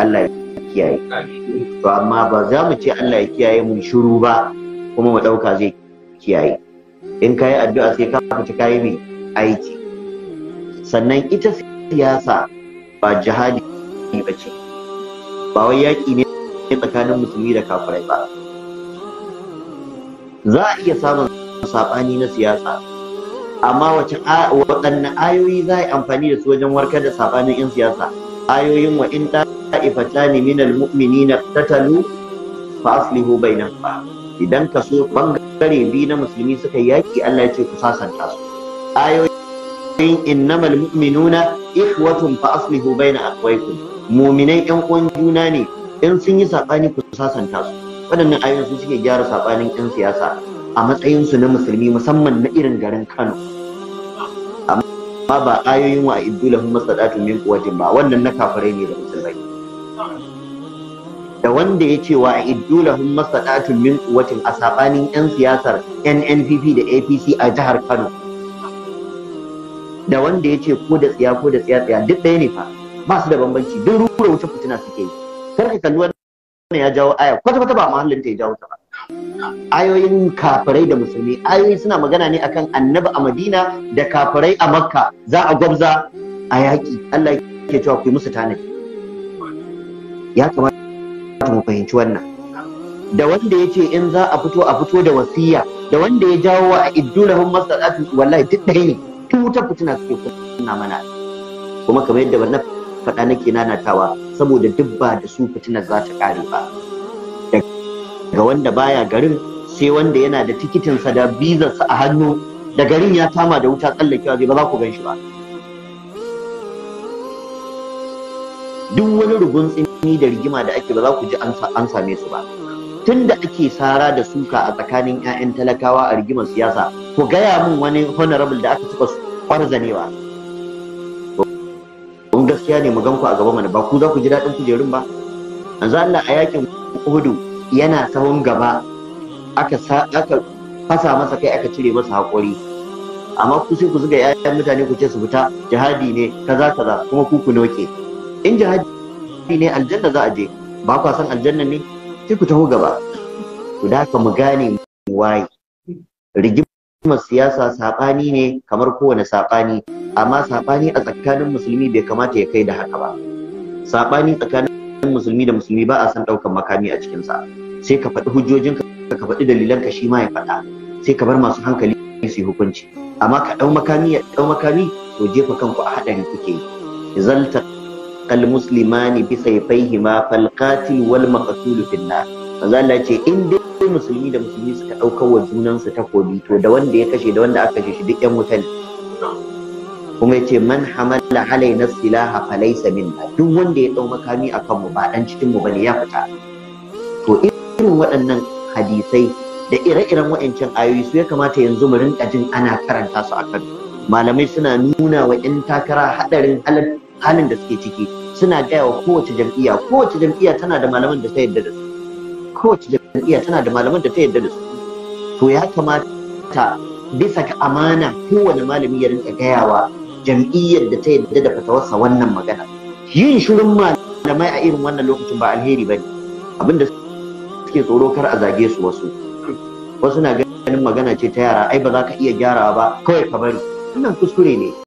Allah ya kiyaye to amma ba za mu ce Allah ya kiyaye mu shiru ba kuma mu ɗauka zai kiyaye in kai addu'a sai ka fita kai mai aiki sannan ita siyasa ba jihadi ba ce ba wai yaki ne tsakanin musulmi da kafirai ba za a iya samun saɓani na siyasa amma waɗanne ayoyi za a yi amfani da su wajen warkar da saɓanin 'yan siyasa ayoyin wa in ta'ifatani minal mu'minina tatalu fa aslihu bainahuma idan ka so bangare biyu na musulmi suka yaki Allah ya ce ku sasanta su ayoyin innamal mu'minuna ikhwatun fa aslihu baina akwaikum mu'minai yan uwan juna ne in sun yi sabani ku sasanta su waɗannan ayoyin su suke gyara sabanin yan siyasa a matsayin su na musulmi musamman na irin garin Kano amma ba ayoyin wa iddu lahum masadatu min quwwatin ba wannan na kafirai ne da musulmai da wanda ya ce wa iddu lahum masadatu min quwwatin a sabanin yan siyasar NNPP da APC a jihar Kano da wanda ya ce ko da tsiya ko da tsiya tsiya duk ɗaya ne fa ba su da bambanci duk rura wuce fitina suke yi kar ka kalli wannan ya jawo aya kwata kwata ba mahallin ta ya jawo ta ba ayoyin kafirai da musulmi ayoyi suna magana ne akan annabi a madina da kafirai a makka za a gwabza a yaƙi allah ke cewa ku yi musu tanadi ya kamata mu fahimci wannan da wanda ya ce in za a fito a fito da wasiya da wanda ya jawo wa a masu masalatu wallahi duk da ne tuta fitina suke kunna mana kuma kamar yadda wannan faɗa nake nanatawa saboda dubba da su fituna za ta ƙare ba ga wanda baya garin sai wanda yana da tikitinsa da bizarsa a hannu da garin ya tama da wuta tsallakewa zai ba za ku gan ba duk wani rugun tsini da rigima da ake ba za ku ji an same su ba tun da ake sara da suka a tsakanin 'ya'yan talakawa a rigimar siyasa ku gaya min wani honorable da aka taɓa kwarzanewa gaskiya ne mu gan ku a gaba mana ba ku za ku ji daɗin kujerun ba manzo Allah a yakin Uhudu yana sahun gaba aka fasa masa kai aka cire masa haƙuri amma ku ku zuga yayan mutane ku ce su fita jihadi ne kaza kaza kuma ku ku noke in jihadi ne aljanna za a je ba kwa san aljanna ne sai ku taho gaba ku da ka mu gane waye rigimar siyasa saɓani ne kamar kowane saɓani amma saɓani a tsakanin musulmi bai kamata ya kai da haka ba saɓani tsakanin musulmi da musulmi ba a san ɗaukar makami a cikinsa. sa sai ka faɗi hujjojinka ka faɗi dalilanka shi ma ya faɗa sai ka bar masu hankali su yi hukunci amma ka ɗau makami ya ɗau makami to jefa kanku a haɗari kuke yi zalta kal muslimani bi ma fal qatil wal maqtul fil nar Allah ce in dai musulmi da musulmi suka ɗaukar wa junansu takobi to da wanda ya kashe da wanda aka kashe shi duk yan wuta kuma ya ce man hamala halai na silaha falaisa minna duk wanda ya ɗau makami akan mu ba dan cikin mu bane ya fita irin waɗannan hadisai da ire-iren wa'ancan ayoyi su ya kamata yanzu mu rinka jin ana karanta su a kan malamai suna nuna wa 'yan takara haɗarin halin da suke ciki suna gaya wa kowace jam'iyya kowace jam'iyya tana da malaman da ta yadda da su kowace jam'iyya tana da malaman da ta yadda da su to ya kamata bisa ga amana kowane malami ya rinka gaya wa jam'iyyar da ta yadda da fatawarsa wannan magana yin shirin malamai a irin wannan lokacin ba alheri bane abinda suke tsoro kar a zage su wasu wasu na ganin magana ce ta yara ai ba za ka iya gyarawa ba kawai ka bari wannan kuskure ne